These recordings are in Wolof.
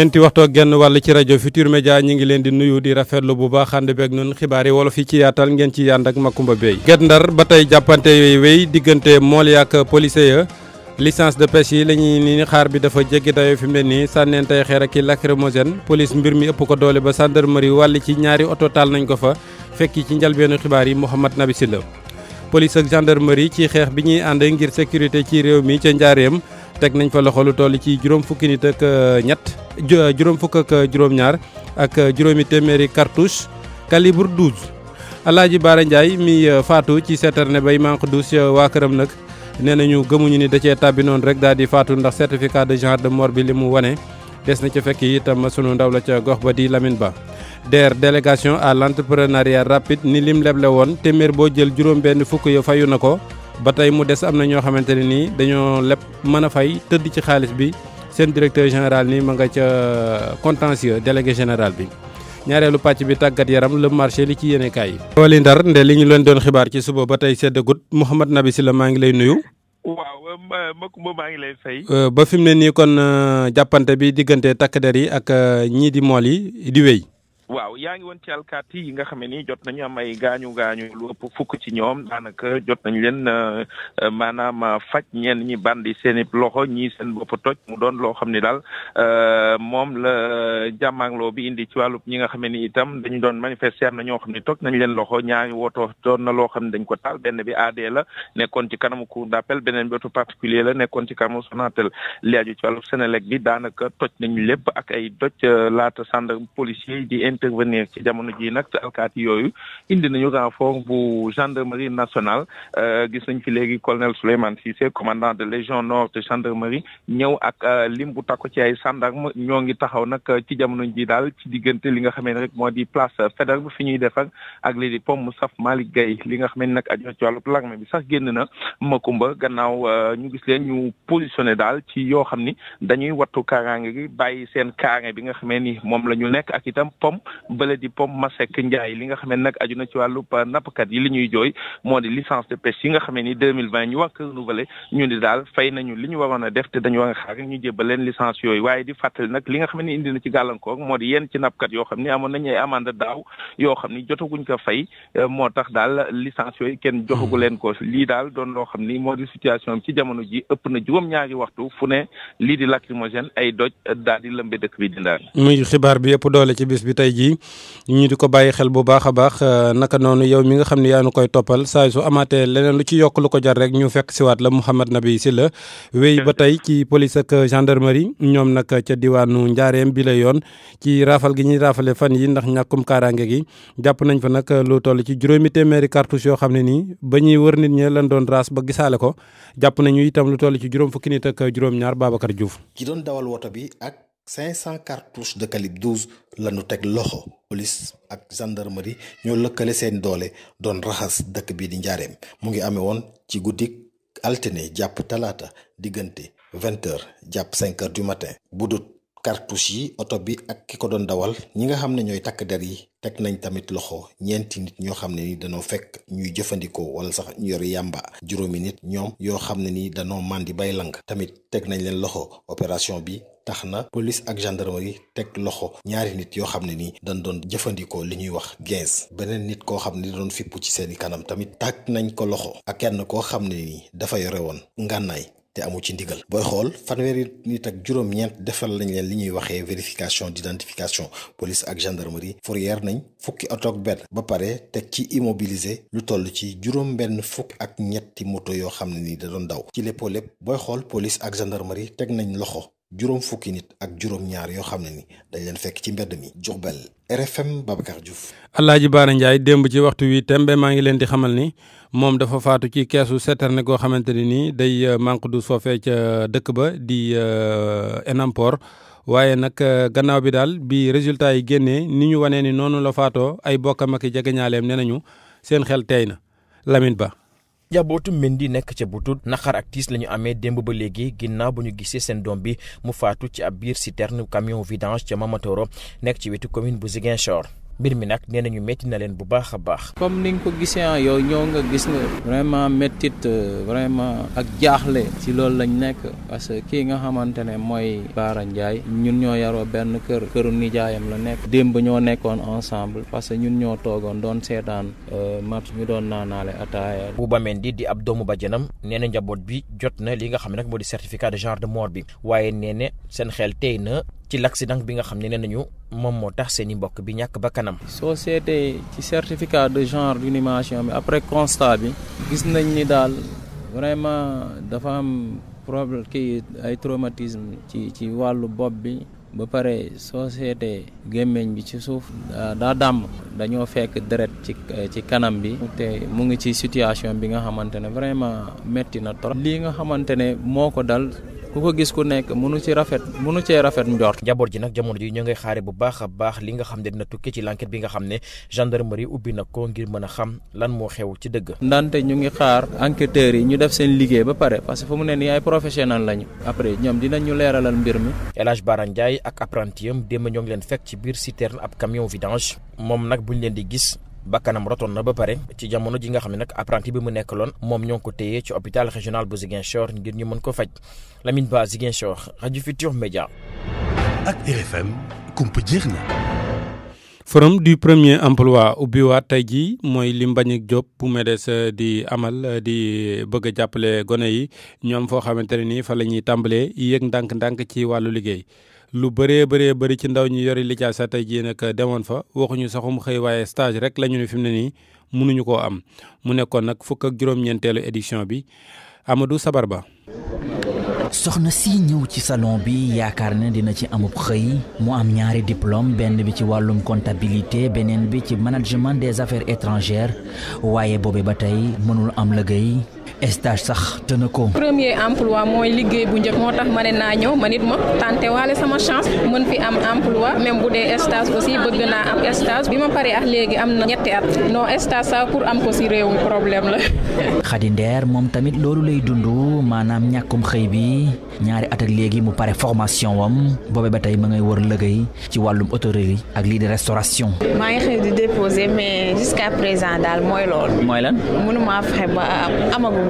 ñeenti waxto genn wal ci radio Futur Media ñi ngi leen di nuyu di rafetlu bu baax ànd bek ñun xibaar yi wolof yi ci yaatal ngeen ci yand ak Makumba Bey Guet Ndar ba tey jàppante yooyu wéy diggante mool ya licence de pêche yi la ni xaar bi dafa jéggi dayoo fi melni nii tay xeer ak lacrymogène police mbir mi ëpp ko doole ba gendarmerie wal ci ñaari auto tal nañ ko fa fekki ci njalbeenu xibaar yi mohammed Nabi Silla police ak gendarmerie ci xex bi ñi ànd ngir sécurité ci réew mi ci njaareem teg nañ fa loxo lu toll ci juróom fukki nit ak euh, ñett euh, juróom fukk ak euh, juróom-ñaar ak juróomi téeméeri cartouche calibre 12. Alaaji baare Ndiaye mi faatu ci citerne bay manque Manqudus waa këram nag nee ñu gëmuñu ni dacee cee tàbbi noonu rek daal di faatu ndax certificat de genre de mort bi mu wane. des na ca fekk itam sunu ndaw la ca gox ba di lamin Ba DER délégation à l' entrepreneuriat rapide ni lim leble woon téeméer boo jël juróom benn fukk ya fayu na ko. ba tey mu des am na ñoo xamante ne nii dañoo leb mën a fay tëdd ci xaalis bi seen directeur général nii ma nga ca contentieux délégué général bi ñaareelu pàcc bi tàggat yaram la marché li ci yéene kaay yi. wali ndar nde li ñu leen doon xibaar ci suba ba tey seddagut Mouhamad Nabi Sylla maa ngi lay nuyu. waaw euh, Makumba maa ngi lay fay. Euh, ba fi mu ne nii kon euh, jàppante bi diggante takk der yi ak ñii di mool yi di wéy. waaw yaa ngi woon ci alkaati yi nga xam ne nii jot nañu am ay gaañu gaañu lu ëpp fukk ci ñoom daanaka jot nañ leen euh, euh, maanaam euh, faj ñenn ñi bandi seen loxo ñii seen bopp toj mu doon loo xam ne daal moom la loo bi indi ci wàllub ñi nga xam ne ni itam dañu doon manifester na ñoo xam ne toj nañ leen loxo ñaari woto doon na loo xam ne dañ ko taal benn bi AD la nekkoon ci kanamu cour d'appel beneen bi auto particulier la nekkoon ci kanamu Sonatel li aju ci wàllub Senelec bi daanaka toj nañu lépp ak ay doj laata sànd policier intervenir ci jamono ji nag alkaati yooyu indi nañu renfort bu gendarmerie nationale euh, gis nañ fi léegi colonel Souleymane Cissé commandant de légion nord de gendarmerie ñëw ak euh, lim bu takku ci ay gendarme ñoo ngi taxaw nag euh, ci jamono ji daal ci diggante li nga xamee ne rek moo di place Faidherbe fi ñuy defar ak lii di pom saf Malick Gueye li nga xamee ne nag aju ci wàllu l'armée bi sax génn na Makumba gannaaw ñu gis leen ñu positionné daal ci yoo xam ni dañuy wattu kaaraange gi bàyyi seen kaaraange bi nga xamee ni moom la ñu nekk ak itam pom bële di Pom Masek Ndiaye li nga xam nag aju na ci wàllu nappkat yi li ñuy jooy moo di licence de pêche yi nga xam ne ni deux mille vingt ñu wax renouvelé ñu di daal fay nañu li ñu waroon a def te dañu war a xaar ñu jébbal leen licence yooyu waaye di fàttali nag li nga xam ne indi na ci gàllankoor moo di yenn ci nappkat yoo xam ne amoon nañu ay amande daaw yoo xam ni jotaguñ ko fay eh, moo tax daal licence yooyu kenn joxagu leen ko lii daal doon loo xam ni moo di situation bi jamono ji ëpp na juróom-ñaari waxtu fu ne lii di lacrymogène ay doj daal di lëmbe dëkk bi di ndaan tey jii ñu di ko bàyyi xel bu baax a baax euh, naka noonu yow mi nga xam ne yaa nu koy toppal saa su amaatee leneen lu ci yokk lu ko jar rek ñu fekk siwaat la Mouhamed Nabi Sylla wéy ba tey ci police ak gendarmerie ñoom nag ca diwaanu Njaareem bi la yoon ci raafal gi ñuy raafale fan yi ndax ñàkkum kaaraange gi jàpp nañ fa nag lu toll ci juróomi téeméeri cartouche yoo xam ne nii ba ñuy wër nit ñi lan doon raas ba gisaale ko jàpp nañu itam lu toll ci juróom fukki nit ak juróom ñaar Babacar Diouf 500 cartouches de calibre 12 la ñu tek loxo police ak gendarmerie ñoo lekkale seen doole don rahas dëkk bi di ndiarém mu ngi amé won ci guddi altine jàpp talaata digënté 20 h japp 5 h du matin bu cartouche yi oto bi ak ki ko doon dawal ñi nga xam ne ñooy takk der yi teg nañ tamit loxo ñeenti nit ñoo xam ne ni danoo fekk ñuy jëfandikoo wala sax ñu yor yàmba juróomi nit ñoom yoo xam ne ni danoo màndi bay lang tamit teg nañ leen loxo opération bi tax na police ak yi teg loxo ñaari nit yoo xam ne nii dañ doon jëfandikoo li ñuy wax gens beneen nit koo xam ne da doon fippu ci seeni kanam tamit takk nañ ko loxo ak kenn koo xam ne nii dafa yore woon ngànnaay te amu ci ndigal booy xool fanweeri nit ak juróom-ñeent defal lañ leen li ñuy waxee vérification d'identification police ak gendarmerie fourrière nañ fukki oto ak benn ba pare teg ci immobilisé lu toll ci juróom benn fukk ak ñetti moto yoo xam ne ni da doon daw ci léppoo lépp booy xool police ak gendarmerie teg nañ loxo juróom fukki nit ak juróom ñaar yoo xam ne ni dañ leen fekk ci mbedd mi Diourbel RFM Babacar Diouf. Alaaji Baara Ndiaye démb ci waxtu wi tembe maa ngi leen di xamal ni. moom dafa faatu ci keesu citerne goo xamante ne nii day euh, manque du foofee ca euh, dëkk ba di euh, Enampor waaye nag gannaaw bi daal bi résultat yi génnee ni ñu wanee ni noonu la faatoo ay bokkam ak jegeñaaleem nee nañu seen xel tey na Lamine Ba. njabootu Mendy nekk ca Boutout naqar ak tiis la ñu amee démb ba léegi ginnaaw ba ñu gisee seen doom bi mu faatu ci ab biir si citerne camion vidange ca Mamatoro nekk ci wetu commune bu Ziguinchor. mbir mi nag nee nañu métti na leen bu baax a baax. comme ni nga ko gisee ah ñoo nga gis nga. vraiment méttit euh, vraiment ak jaaxle. ci loolu lañ nekk parce que kii nga xamante ne mooy Baara Ndiaye ñun ñoo yaroo benn kër këru nijaayam la nekk. démb ñoo nekkoon ensemble parce que ñun ñoo toogoon doon seetaan euh, match ñu doon naanaale ataaya. Boubamendi di ab doomu bàjjanam nee na njaboot bi jot na li nga xam ne rek moo di certificat de genre de mort bi waaye nee seen xel tey na ci l'accident bi nga nañu kanam. certificat de genre d'animation bi après constat bi gis nañ ni daal vraiment dafa am problème kii ay traumatisme ci ci wàllu bopp bi. ba pare soo seetee bi ci suuf daa dàmm dañoo fekk kanam te situation bi vraiment metti na trop nga ku ko gis ku nekk mënu ci rafet munu cee rafet njort. jaboot ji nag jamono ji ñu ngay xaare bu baax a baax li nga xam ne dina tukki ci l'enquête bi nga xam ne gendarmerie ubbi na ko ngir mën a xam lan moo xew ci dëgg. ndante ñu ngi xaar enquêteurs yi ñu def seen liggéey ba pare parce que fu mu ne nii ay professionnel lañu après ñoom dinañ leeralal mbir mi. El Hadj Bara Ndiaye ak apprenti am démb ñoo ngi leen fekk ci biir citerne ab camion vidange moom nag buñ leen di gis. bakkanam rotoon na ba pare ci jamono ji nga xam ne nag apprenti bi mu nekk loon moom ñoo ngi ko téye ci hôpital régional bu Ziguinchor ngir ñu mën ko faj Lamine Ba Ziguinchor rajo Futurs Médias. ak RFM kumpa jeex na. forum du premier emploi waa tey jii mooy li Mbagnick Diop bu MEDES di amal di bëgg a jàppale gone yi ñoom foo xamante ne nii fa la ñuy tàmbalee yéeg ndànk-ndànk ci wàllu liggéey lu bëree bëree bëri ci ndaw ñi yori sa tey jii nag demoon fa waxuñu saxum xëy waaye stage rek am mu fukk Amadou soxna si ci salon bi yaakaar ne diplôme comptabilité management des affaires étrangères waaye bobé ba mënul am stage sax te ko. premier emploi mooy liggéey bu njëkk moo tax ma ne naa ñëw man it ma tante waale sama chance mën fi am emploi même bu dee stage aussi bëgg naa am stage bi ma paree ak léegi am na ñetti at non stage sax pour am ko si réew problème la. Khady Nder moom tamit loolu lay dund maanaam ñàkkum xëy bi ñaari at ak léegi mu pare formation wam boobee ba tey ma ngay wër liggéey ci wàllum hôtellerie ak lii di restauration. maa ngi xëy di déposer mais jusqu'à présent daal mooy loolu. mooy lan mënuma fexe ba amagum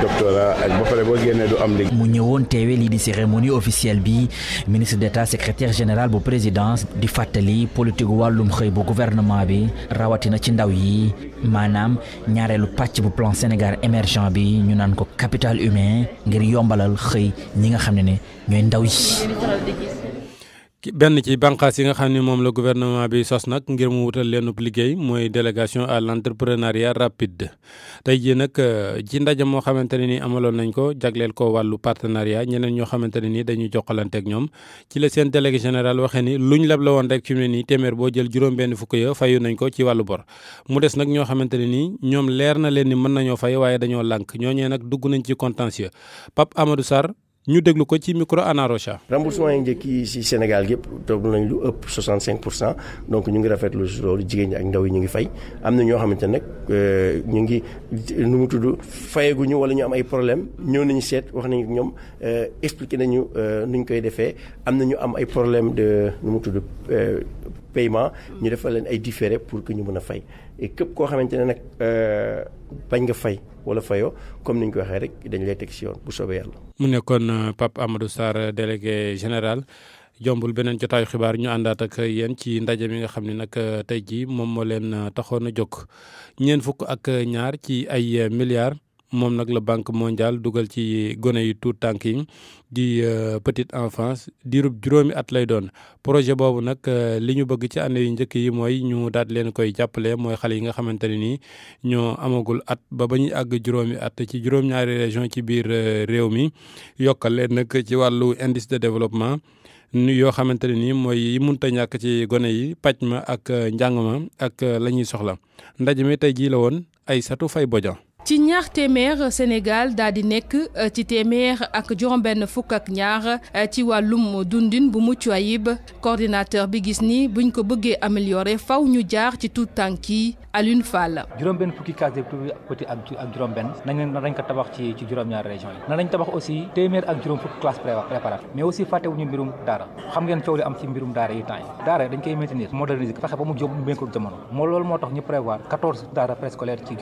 doctorat ak ba pare du mu ñëwoon teewee lii di cérémonie officielle bi ministre d'état secrétaire général bu présidence di fàttali politique wàllum xëy bu gouvernement bi rawatina ci ndaw yi maanaam ñaareelu pàcc bu plan Sénégal émergent bi ñu naan ko capital humain ngir yombalal xëy ñi nga xam ne ne ndaw yi. benn ci bànqaas yi nga xam ne moom la gouvernement bi sos nag ngir mu wutal leen liggéey mooy délégation à l' entrepreneuriat rapide tey jii nag euh, ci ndaje moo xamante ne ni amaloon nañ ko jagleel ko wàllu partenariat ñeneen ñoo xamante ne ni dañuy jokkalante ak ñoom ci la seen délégué général waxee ni luñ lab la woon rek fi mu ne nii téeméer boo jël juróom-benn fukk ya fayu nañ ko ci wàllu bor mu des nag ñoo xamante ne nii ñoom leer na leen ni mën nañoo fay waaye dañoo lànk ñooñee nag dugg nañ ci contentieux Pape Amadou Sarr ñu déglu ko ci micro Anna Rocha. remboursement yi njëkk yi si Sénégal yëpp toog nañ lu ëpp cinq pour cent donc ñu ngi rafetlu loolu jigéen ñi ak ndaw yi ñu ngi fay am na ñoo xamante nag euh, ñu ngi nu mu tudd fayaguñu wala ñu am ay problème ñëw nañu seet wax nañu ñoom euh, expliqué nañu euh, nuñ koy defee am na ñu am ay problème de nu mu tudd paiement ñu defal leen ay différé pour que ñu mën a fay et képp koo xamante ne nag. bañ nga fay wala fayoo comme ni ñu koy waxee rek dañu lay teg si yoon bu soobee yàlla. mu nekkoon euh, Pape Amadou Sarr délégué général. jombul beneen jotaayu xibaar ñu àndaat ak yéen ci ndaje mi nga xam ne nag euh, tey jii moom moo leen euh, taxoon a jóg ñeent fukk ak ñaar ci ay milliards moom nag la banque mondiale dugal ci gone yu tuut tànk yi di euh, petite enfance di juróomi at lay doon projet boobu nag euh, li ñu bëgg ci année yu njëkk yi mooy ñu daal di leen koy jàppale mooy xale yi nga xamante ne nii ñoo amagul at ba ba ñuy àgg juróomi at ci juróom-ñaari région ci biir euh, réew mi yokkal leen nag ci wàllu indice de développement yoo xamante ne nii mooy yi munta ñàkk ci gone yi paj ma ak njàng ma ak la ñuy soxla ndaje mi tey jii la woon Aïssatou Faye Bodian ci ñaax téeméer Sénégal daal di nekk euh, ci téeméer ak juróom-benn fukk ak ñaar euh, ci wàllum dundin bu mucc ayib coordinateur bi gis ni buñ ko bëggee améliorer faw ñu jaar ci tout tànk yi Alioune juróom-benn fukki case de petit ak juróom-benn nañ leen nañ ko tabax ci ci juróom-ñaar région yi. na lañ tabax aussi téeméer ak juróom fukki classe préparatoire mais aussi fàttewuñu mbirum daara xam ngeen coow li am ci mbirum daara yi temps yi daara dañ koy maintenir moderniser moo loolu moo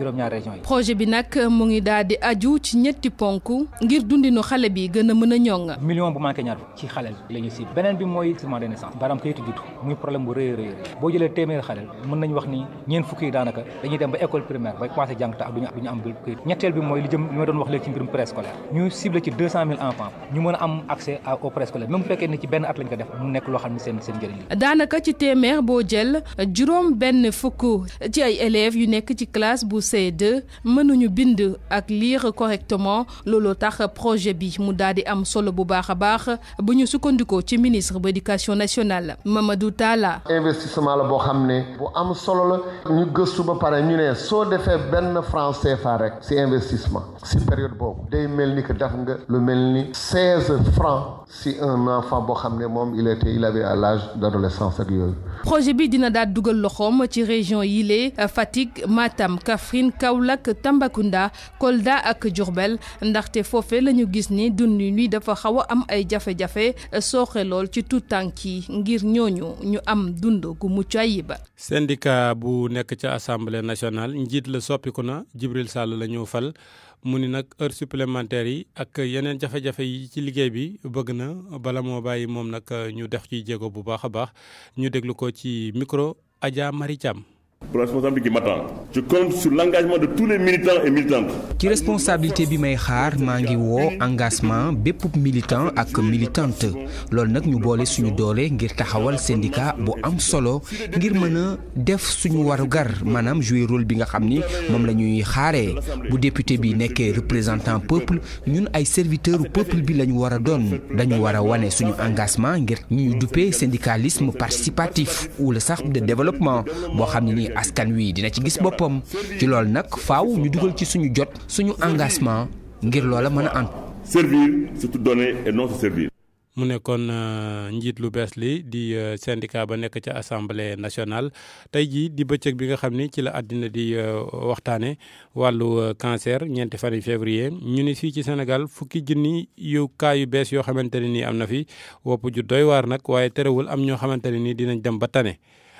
ñaar région yi nag mu ngi daal di aju ci ñetti ponk ngir dundinu xale bi gën a mën a ñoŋ. million bu manqué ñaar ci xale la ñu beneen bi mooy ciment de naissance baram kayitu juddu muy problème bu rëy a boo jëlee téeméeri xale mën nañu wax ni ñeent fukki yi daanaka dañuy dem ba école primaire ba commencé jàng te ak duñu duñu am kayit ñetteel bi mooy li li ma doon wax léegi ci mbirum préscolaire ñu ciblé ci deux cent ñu mën a am accès au préscolaire même ñu bind ak lire correctement looloo tax projet bi mu daal di am solo bu baax a bu ñu sukkandikoo ci ministre bu éducation nationale Mamadou Talla. investissement la boo xam ne bu am solo la ñu gëstu ba pare ñu ne soo defee benn franc CFA rek si investissement si période boobu day mel ni que def nga lu mel ni seize francs si un enfant boo xam ne moom il était il avait à l'âge d'adolescence ak projet bi dina daal dugal loxoom ci région yile Fatick Matam Kaffrine Kaolack Tamba. Tambacounda Kolda ak Diourbel ndaxte foofe la ñu gis ni dundin nii dafa xaw a am ay jafe-jafe sooxe lool ci tuut tànk yi ngir ñooñu ñu am dund gu mucc ayib. syndicat bu nekk ca assemblée nationale njiit la soppiku na Jibril Sall la ñu fal. mu ni nag heure supplémentaire yi ak yeneen jafe-jafe yi ci liggéey bi bëgg na bala moo bàyyi moom nag ñu def ci jéego bu baax a baax ñu déglu ko ci micro Adja Mari Thiam Je compte sur l'engagement de tous les militants et militantes. militant peuple syndicalisme participatif ou le de développement askan wii dina ci gis boppam ci loolu nag faaw ñu dugal ci suñu jot suñu engagement ngir loola mën a antu. mu nekkoon euh, njiit lu bees li di euh, syndicat ba nekk ca assemblée nationale tey jii di bëccëg bi nga xam ni ci la àddina di euh, waxtaane wàllu cancer ñeenti fan yu février ñu ni sii ci Sénégal fukki junni yu kaa bees yoo xamante ne nii am na fi wopp ju doy waar nag waaye terewul am ñoo xamante ne nii dinañ dem ba tane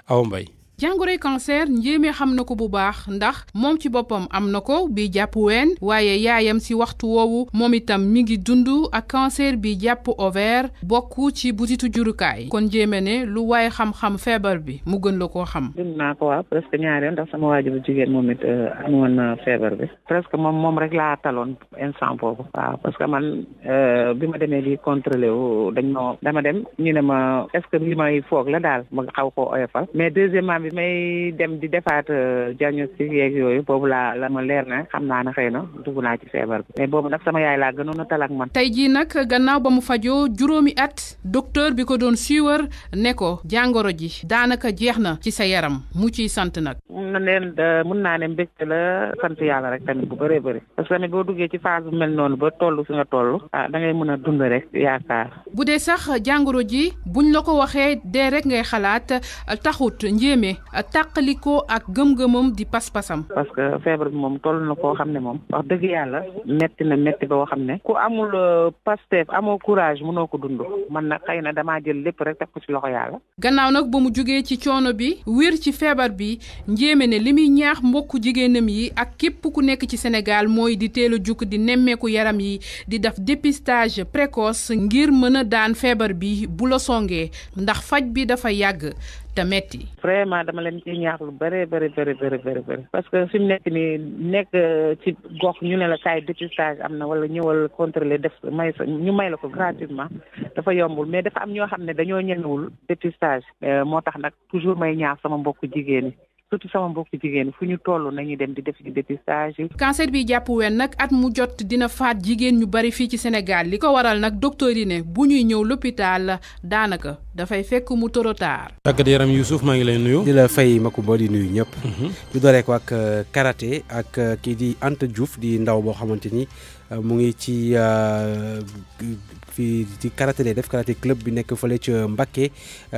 aw mbay jàngoroy cancer njéeme xam na ko bu baax ndax moom ci boppam am na ko bi jàpp ween waaye yaayam si waxtu woowu moom itam mu ngi dund ak cancer bi jàpp ovaire bokk ci butitu jurukaay kon njéeme ne lu waaye xam-xam feebar bi mu gën la koo xam. dund naa ko waaw presque ñaari yoon ndax sama waajur jigéen moom it euh, amoon na feebar bi presque moom moom rek laa taloon instant boobu. waaw parce que man euh, bi ma demee di contrôlé wu dañ ma dama dem ñu ne ma est-ce que li daal ma may dem di defaat euh, diagnostic yeeg yooyu boobu laa la ma leer na xam naa ne xëy na dugg naa ci feebar bi mais boobu nag sama yaay laa gënoon a tal ak man. tey jii nag gannaaw ba mu fajoo juróomi at docteur bi ko doon suivre ne ko jàngoro ji daanaka jeex na ci sa yaram mu ci sant nag. mun na leen euh, naa ne mbégte la sant yàlla rek tamit bu bëree bëri parce que tamit boo duggee ci phase bu mel noonu ba toll fi nga toll ah dangay mën a dund rek yaakaar. bu dee sax jàngoro ji buñ la ko waxee dee rek ngay xalaat taxut njéeme ne tàqalikoo ak gëm-gëmam di pas-pasam. parce que feebar bi moom toll na koo xam ne moom. wax dëgg yàlla metti na metti ba xam ne. ku amul euh, Pastef amoo courage mënoo ko dund man nag xëy na damaa jël lépp rek teg ko ci loxo yàlla. gannaaw nag ba mu jógee ci coono bi wér ci feebar bi njéeme ne li muy ñaax mbokku jigéenam yi ak képp ku nekk ci Sénégal mooy di teel a jukk di nemmeeku yaram yi di def dépistage précoce ngir mën a daan feebar bi bu la songee ndax faj bi dafa yàgg te metti vraiment dama leen ci ñaax lu bëri bëri bëri bëri bëri parce que fi mu nekk nii nekk euh, ci gox ñu ne la kaay dépistage am na wala ñëwal contrôler def may sa ñu may la ko gratuitement dafa yombul mais dafa am ñoo xam ne dañoo ñemewul dépistage euh, moo tax nag toujours may ñaax sama mbokk jigéen yi surtout sama mbokki jigéen fu ñu toll nañu dem di def ci dépistage yi. cancer bi jàpp wen nag at mu jot dina faat jigéen ñu bari fii ci senegal li ko waral nag docteur yi ne bu ñuy ñëw la daanaka dafay fekk mu trop tard. tàggat yaram Youssouf maa ngi lay nuyu. di la fay Makumba di nuyu ñëpp. Mhm. ñu dooree ko ak euh, karaté ak euh, kii di ant Diouf di ndaw boo xamante ni. mu ngi ci euh, fii ci karaté lay def karaté club bi nekk fële ca Mbacké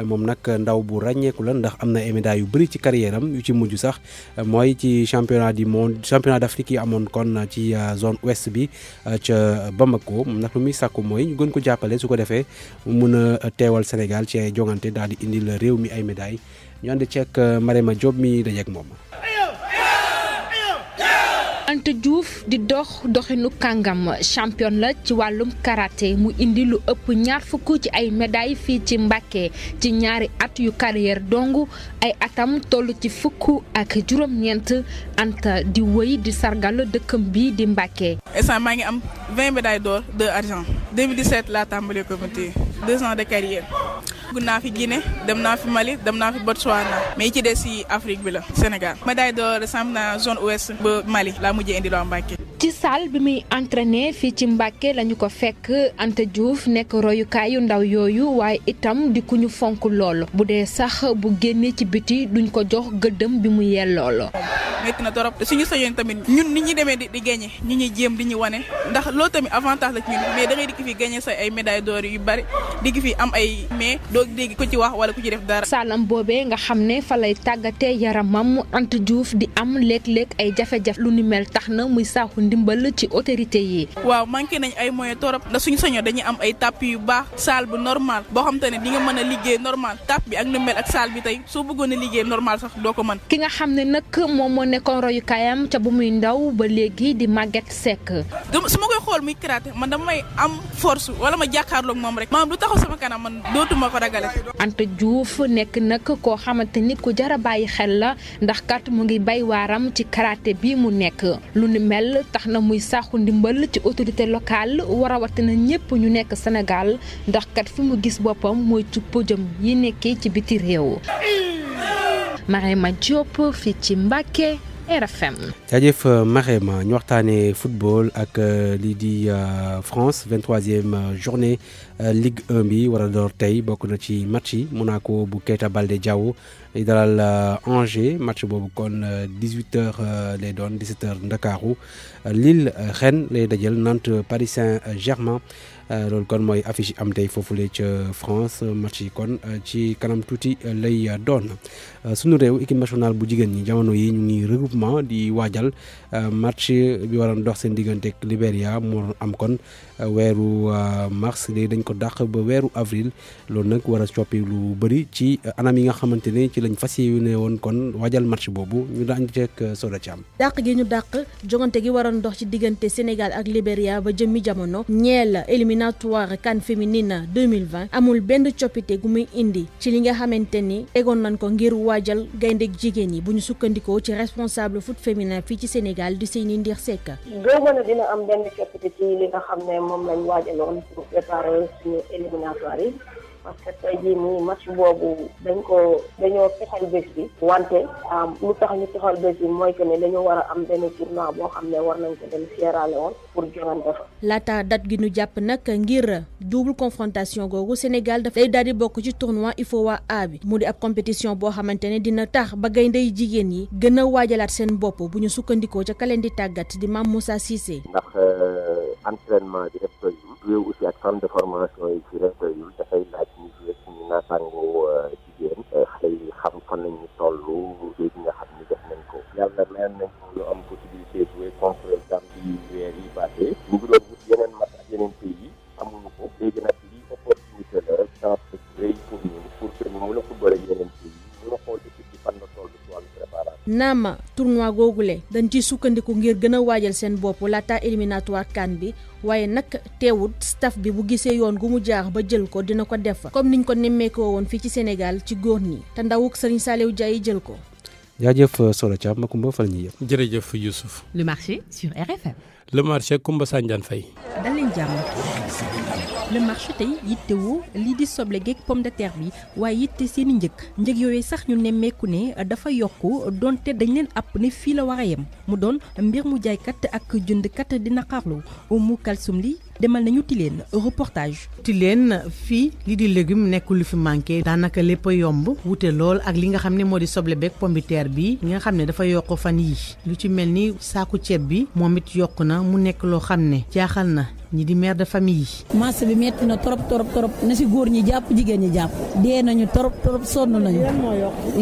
moom nag ndaw bu ràññeeku la ndax am na médaille yu bëri ci carrière yu ci mujj sax mooy ci championnat du monde championnat d'Afrique yi amoon kon ci euh, zone ouest bi euh, ca Bamako moom nag lu muy sàkku mooy ñu gën ko jàppale su ko defee mun a teewal Sénégal ci ay jongante daal di indil réew mi ay médailles ñu ànd ceeg Marema Diop mi dajeeg moom. Anta Diouf di dox doxinu kàngam championne la ci wàllum karaté mu indi lu ëpp ñaar fukk ci ay médailles fii ci Mbàkke ci ñaari at yu carrière dong ay atam toll ci fukk ak juróom-ñeent Anta di wëy di sargal dëkkam bi di Mbàkke. instant maa ngi am 20 médailles d'or 2 argent 2017 laa tàmbalee comité 2 de carrière. dugg naa fi Guinée dem naa fi Mali dem naa fi Botswana mais ci des si Afrique bi la Sénégal médaille d'or sam na zone ouest ba Mali laa mujjee indi loo Mbacké ci salle bi muy entraîné fii ci Mbàkke lañu ko fekk Anta Diouf nekk royukaayu ndaw yooyu waaye itam di ku ñu fonk lool bu dee sax bu génnee ci biti duñ ko jox gëddëm bi mu yellool. métti na torop te suñu sañoon tamit ñun nit ñi demee di di gagné ñu ñuy jéem di ñu wane ndax loolu tamit avantage la ci ñun mais da ngay dikk fi gagné say ay médaille d'or yu bari dikk fi am ay mais doo dégg ku ci wax wala ku ci def dara. saalam boobee nga xam fa lay tàggatee yaramam Anta Diouf di am léeg-léeg ay jafe-jafe lu ni mel tax muy saaxu ndimbal ci autorité yi waaw manqué nañ ay moyens torop da suñu soño dañuy am ay tap yu baax salle bu normal bo xam te di nga mëna liggéey normal tap bi ak nu mel ak salle bi tay so bëggoon a liggéey normal sax doo ko mën ki nga xamné nak mom mo moo royu kayam ca bu muy ndaw ba légui di màgget sec suma koy xool muy kiraate man may am force wala ma ak mom rek maanaam lu taxaw sama kanam man dootuma ko ragalé Ante diouf nek nak ko xamanteni ko jara bàyyi xel la ndax kat mu ngi bay waram ci karaté bi mu nek lu ni mel tax na muy saaxu ndimbal ci autorité locale na ñëpp ñu nekk senegaal ndax kat fi mu gis boppam mooy ci pëjëm yi nekkee ci biti réew ma Diop fii ci Mbacké RFM. jaajëf euh, marema ñu football ak euh, Lidi di euh, France 23e journée Ligue 1 bi wara dor tay na ci match yi Monaco bu Keita Baldé Diaw dalal Angers match bobu kon 18h les donnes, 17h Dakarou Lille Rennes lay dajel Nantes Paris Saint-Germain. Euh, loolu kon mooy affiche yi am tey foofule ca France match yi kon euh, ci kanam tuuti euh, lay doon sunu réew équipe nationale bu jigéen ñi jamono yi ñu ngi regroupement di waajal match bi waroon dox seen diggante ak Libéria moo am kon weeru mars léegi dañ ko dàq ba weeru avril loolu nag war a coppi lu bëri ci anam yi nga xamante ne ci lañ fas ne woon kon waajal match boobu ñu daan ceeg Soda am dàq gi ñu dàq jogante gi waroon dox ci diggante Sénégal ak Libéria ba jëmmi jamono ñeel éliminatoire CAN féminine 2020 amul benn coppite gu muy indi ci li nga xamante ni tegoon nañ ko ngir waajal gaynde jigéen yi bu ñu sukkandikoo ci responsable foot féminin fii ci Sénégal di Seyni Ndir Seck. gëm na dina am benn coppite ci li nga xam ne moom lañ waajaloon pour préparer suñu éliminatoire yi. parce que tey jii nii match boobu dañ ko dañoo fexal bés bi wante lu tax ñu fexal bés bi mooy que ni dañoo war a am benn tournoi boo xam ne war nañ ko dem Sierra Leone pour joŋante fa. laata date gi ñu jàpp nag ngir double confrontation googu Sénégal dafay daal di bokk ci tournoi UFOA A bi mu di ab compétition boo xamante ne dina tax ba gayndey jigéen yi gën a waajalaat seen bopp bu ñu sukkandikoo ca kaleen di tàggat di Mame Moussa Cissé. ndax euh, entraînement njàngu euh, jigéen euh, xale yi xam fan nañu toll léegi nga xam ni def nañ ko yàlla mel nañ lu am possibilité jouer contre Gambie weer yi passé naa naama tournoi googule dañ ciy sukkandiku ngir gën a waajal seen bopp laata éliminatoire kan bi waaye nag teewut staff bi bu gisee yoon gu mu jaax ba jël ko dina ko def comme niñ ko nemmeekoo woon fii ci Sénégal ci góor ñi te ndawuk Serigne Saliou Diaye jël ko. jaajëf solo Thiam Makumba fa la ñuy yëpp. jërëjëf Youssouf. Le marché sur RFM. le marché Koumba Sandiane Faye daleen jàmm le marché tey yittewoo lii di soble geeg pomme de terre bi waaye yitte seen i njëg njëg yooyu sax ñu nemmeeku ne dafa yokk donte dañ leen àpp ne fii la war a yem mu doon mbir mu jaaykat ak jëndkat di naqarlu Oumou Kalsoum lii demal nañu Tilène reportage. Tilène fii li di légume nekkul lu fi manqué daanaka lépp a yomb wute lool ak li nga xam ne moo di soble beeg pombiteer bi li nga xam ne dafa yokk fan yi lu ci mel ni saaku ceeb bi moom it yokk na mu nekk loo xam ne jaaxal na ñi di mère de famille yi marché bi metti na torop torop torop na ci gor ñi japp jigen ñi japp dee nañu torop torop sonu nañu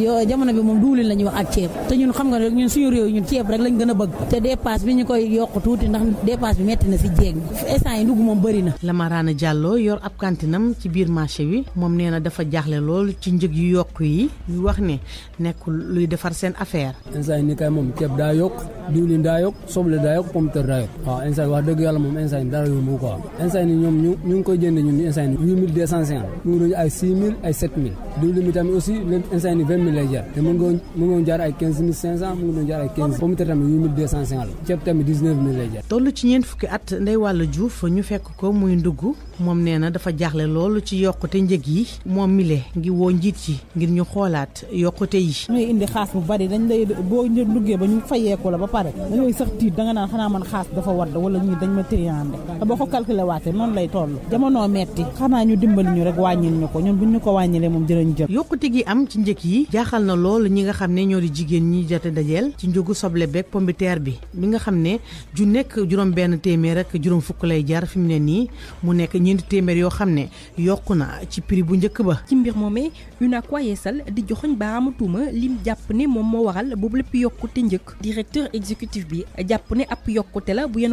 yo jamono bi mom duulin lañu wax ak ceeb te ñun xam nga rek ñun suñu réew ñun ceeb rek lañu gëna bëgg te dépasse bi ñu koy yok tuuti ndax dépasse bi metti na ci jeeg instant yi ndugg mom bari na la marana Diallo yor ab cantinam ci biir marché wi mom nee dafa jaxlé lool ci ñëg yu yok yi ñu wax ne nekkul luy défar seen affaire instant yi ni kay mom ceeb da yok diwlin da yok soble da daa yokk terre da yok wa instant wax dëgg yalla mom instant dara bu quoi instant ni ñoom ñu ngi koy jënd ñun instant 8250 mu ay 6000 ay 7000 diwlin bi tamit aussi instant ni 20000 lay jar te mën nga mën nga jaar ay 15500 mën nga jaar ay 15 pomme te tamit 8250 la ceeb 19000 lay jar toll ci ñeent fukki at ndey wàllu juuf ñu fekk ko muy ndugg moom nee na dafa jaaxle loolu ci yokkute njëg yi moom mile ngi woo njiit yi ngir ñu xoolaat yokkute yi ñuy indi xaas bu bari dañ lay boo duggee ba ñu fayeeku la ba pare da sax tiit da nga naan xanaa man xaas dafa wadd wala ñii dañ ma triande boo ko calculé waatee noonu lay toll jamono metti xanaa ñu dimbali ñu rek wàññil ñu ko ñun bu ñu ko wàññilee moom dinañ jël yokkute gi am ci njëkk yi jaaxal na lool ñi nga xam ne ñoo di jigéen ñi jote dajeel ci njëgu soble beeg pombiteer bi bi nga xam ne ju nekk juróom benn téeméer ak juróom fukk lay jar fi mu ne nii mu nekk ñeenti téeméer yoo xam ne yokku na ci prix bu njëkk ba ci mbir moomee UNACOIS Yeessal di joxoñ baamatuma lim jàpp ne moom moo waral boobu lépp yokkute njëkk directeur exécutif bi jàpp ne ab yokkute la bu yeen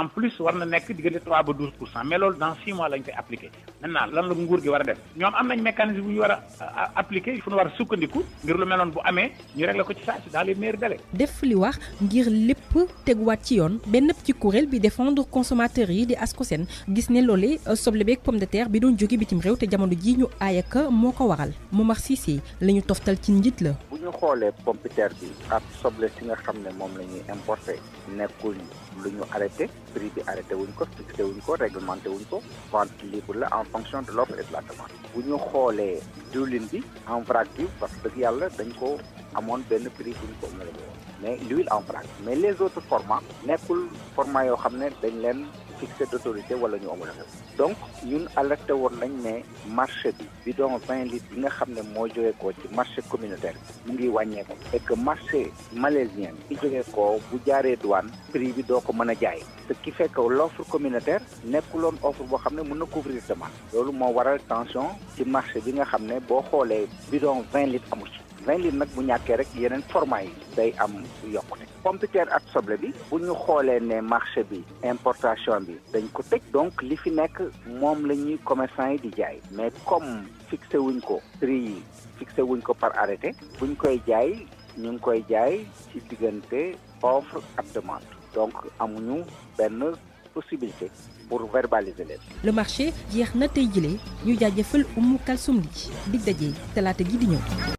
en plus war na nekk diggante 3 ba 12 pour cent mais loolu dans 6 mois lañ koy appliqué maintenant lan la nguur gi war a def ñoom am nañ mécanisme bu ñu war a appliqué fu ñu war a sukkandiku ngir lu meloon bu amee ñu réglé ko ci saa si dans les meilleurs délais. def li wax ngir lépp teguwaat ci yoon benn ci kuréel bi défendre consommateurs yi di Ascosen gis ne loolee euh, soble beeg pomme de terre bi doon jóge bitim réew te jamono ji ñu aay ak moo ko waral Momar Cissé la ñu toftal ci njit la. ñu xoolee pompiteer bi ak soble si nga xam ne moom la ñuy importé nekkul lu ñu arrêté prix bi arrêté wuñ ko fixé wuñ ko réglementé wuñ ko vente libre la en fonction de l'offre et de bu ñu xoolee diwlin bi en vrac bi parce que dëgg yàlla dañ ko amoon benn prix bu ñu ko homologué woon mais l'huile en vrac mais les autres formats nekkul format yoo xam ne dañ leen excès d'autorité wala ñu amul donc ñun alerté won nañ né marché bi bidon 20 litres bi nga xamné mo joyé ko ci marché communautaire mu ngi wàññeeku et que marché malaisien bi jógee ko bu jaré douane prix bi do ko mëna jaay ce qui fait que l'offre communautaire nekkuloon offre bo xamné mëna mën na couvrir demande loolu moo waral tension ci marché bi nga xamné bo xolé bidon 20 litres amu ci vingt litres nag bu ñàkkee rek yeneen format yi day am yokkute pompiteer ak soble bi bu ñu xoolee ne marché bi importation bi dañ ko tëj donc li fi nekk moom la ñuy commerçant yi di jaay mais comme fixé wuñ ko prix yi fixé wuñ ko par arrêté buñ koy jaay ñu ngi koy jaay ci diggante offre ak demande donc amuñu benn possibilité pour verbaliser leen. le marché jeex na tey jile ñu jaajëfal umu Kalsoum li dig daje talaata gi di ñëw.